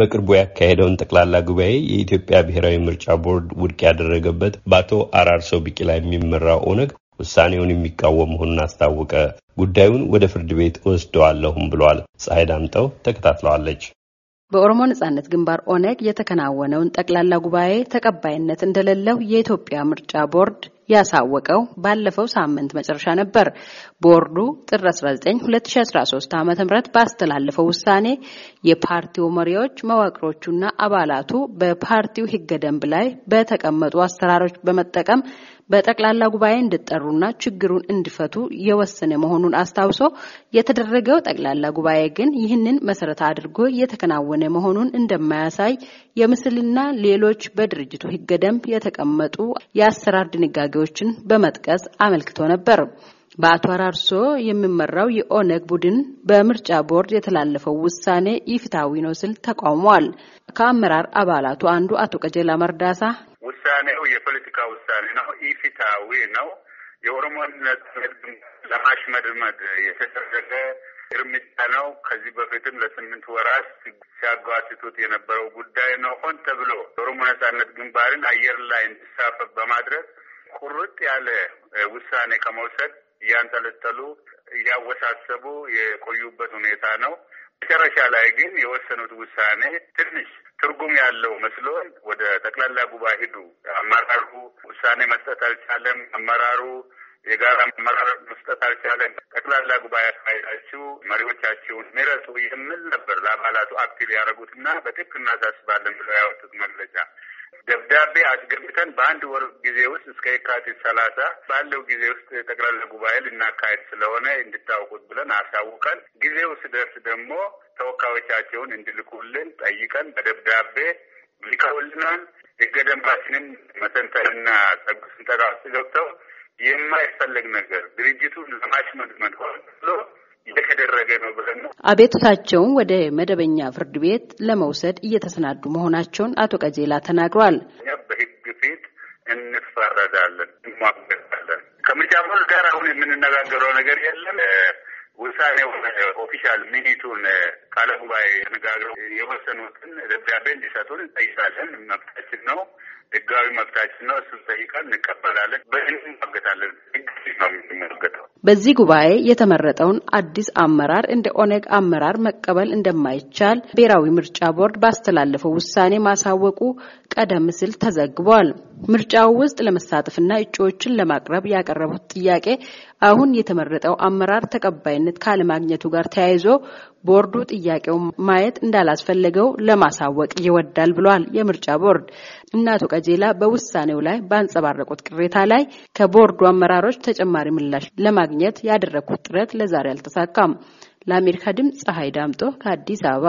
በቅርቡ ያካሄደውን ጠቅላላ ጉባኤ የኢትዮጵያ ብሔራዊ ምርጫ ቦርድ ውድቅ ያደረገበት በአቶ ሰው ቢቂላ የሚመራው ኦነግ ውሳኔውን የሚቃወም መሆኑን አስታወቀ። ጉዳዩን ወደ ፍርድ ቤት ወስደዋለሁም ብሏል። ፀሐይ ዳምጠው ተከታትለዋለች። በኦሮሞ ነጻነት ግንባር ኦነግ የተከናወነውን ጠቅላላ ጉባኤ ተቀባይነት እንደሌለው የኢትዮጵያ ምርጫ ቦርድ ያሳወቀው ባለፈው ሳምንት መጨረሻ ነበር። ቦርዱ ጥር 19 2013 ዓ.ም ባስተላለፈው ውሳኔ የፓርቲው መሪዎች መዋቅሮቹና አባላቱ በፓርቲው ሕገ ደንብ ላይ በተቀመጡ አሰራሮች በመጠቀም በጠቅላላ ጉባኤ እንዲጠሩና ችግሩን እንዲፈቱ የወሰነ መሆኑን አስታውሶ የተደረገው ጠቅላላ ጉባኤ ግን ይህንን መሰረት አድርጎ የተከናወነ መሆኑን እንደማያሳይ የምስልና ሌሎች በድርጅቱ ሕገ ደንብ የተቀመጡ የአሰራር ድንጋ። ታጣቂዎችን በመጥቀስ አመልክቶ ነበር። በአቶ አራርሶ የሚመራው የኦነግ ቡድን በምርጫ ቦርድ የተላለፈው ውሳኔ ይፍታዊ ነው ሲል ተቃውሟል። ከአመራር አባላቱ አንዱ አቶ ቀጀላ መርዳሳ ውሳኔው የፖለቲካ ውሳኔ ነው፣ ኢፍታዊ ነው፣ የኦሮሞን ነጻነት ለማሽመድመድ የተደረገ እርምጃ ነው። ከዚህ በፊትም ለስምንት ወራት ሲያጓትቱት የነበረው ጉዳይ ነው። ሆን ተብሎ የኦሮሞ ነጻነት ግንባርን አየር ላይ እንዲሳፈፍ በማድረግ ቁርጥ ያለ ውሳኔ ከመውሰድ እያንጠለጠሉ እያወሳሰቡ የቆዩበት ሁኔታ ነው። መጨረሻ ላይ ግን የወሰኑት ውሳኔ ትንሽ ትርጉም ያለው መስሎን ወደ ጠቅላላ ጉባኤ ሂዱ። አመራሩ ውሳኔ መስጠት አልቻለም። አመራሩ የጋራ አመራር መስጠት አልቻለም። ጠቅላላ ጉባኤ አካሄዳችሁ መሪዎቻችሁን ምረጡ የሚል ነበር ለአባላቱ አክቲቭ ያደረጉትና በጥብቅ እናሳስባለን ብለው ያወጡት መግለጫ ደብዳቤ አስገብተን በአንድ ወር ጊዜ ውስጥ እስከ የካቲት ሰላሳ ባለው ጊዜ ውስጥ ጠቅላላ ጉባኤ ልናካሄድ ስለሆነ እንድታውቁት ብለን አሳውቀን ጊዜው ስደርስ ደግሞ ተወካዮቻቸውን እንድልኩልን ጠይቀን በደብዳቤ ሊከውልናል። ሕገ ደንባችንን መተንተንና ስንጠቃስ ገብተው የማይፈለግ ነገር ድርጅቱ ለማሽመድመድ ሆን ብሎ የተደረገ ነው ብለን ነው። አቤቱታቸውን ወደ መደበኛ ፍርድ ቤት ለመውሰድ እየተሰናዱ መሆናቸውን አቶ ቀጀላ ተናግሯል። በህግ ፊት እንፈረዳለን፣ እንሟገታለን። ከምርጫ ቦርድ ጋር አሁን የምንነጋገረው ነገር የለም። ውሳኔው ኦፊሻል ሚኒቱን ቃለ ጉባኤ ተነጋግረው የወሰኑትን ደብዳቤ እንዲሰጡን እንጠይቃለን። መብታችን ነው፣ ህጋዊ መብታችን ነው። እሱን ጠይቃል፣ እንቀበላለን፣ በእንሟገታለን። ህግ ነው የምንሟገተው በዚህ ጉባኤ የተመረጠውን አዲስ አመራር እንደ ኦነግ አመራር መቀበል እንደማይቻል ብሔራዊ ምርጫ ቦርድ ባስተላለፈው ውሳኔ ማሳወቁ ቀደም ሲል ተዘግቧል። ምርጫው ውስጥ ለመሳተፍና እጩዎችን ለማቅረብ ያቀረቡት ጥያቄ አሁን የተመረጠው አመራር ተቀባይነት ካለማግኘቱ ጋር ተያይዞ ቦርዱ ጥያቄውን ማየት እንዳላስፈለገው ለማሳወቅ ይወዳል ብሏል። የምርጫ ቦርድ እና አቶ ቀጄላ በውሳኔው ላይ ባንጸባረቁት ቅሬታ ላይ ከቦርዱ አመራሮች ተጨማሪ ምላሽ ለማግኘት ለማግኘት ያደረኩት ጥረት ለዛሬ አልተሳካም። ለአሜሪካ ድምፅ ፀሐይ ዳምጦ ከአዲስ አበባ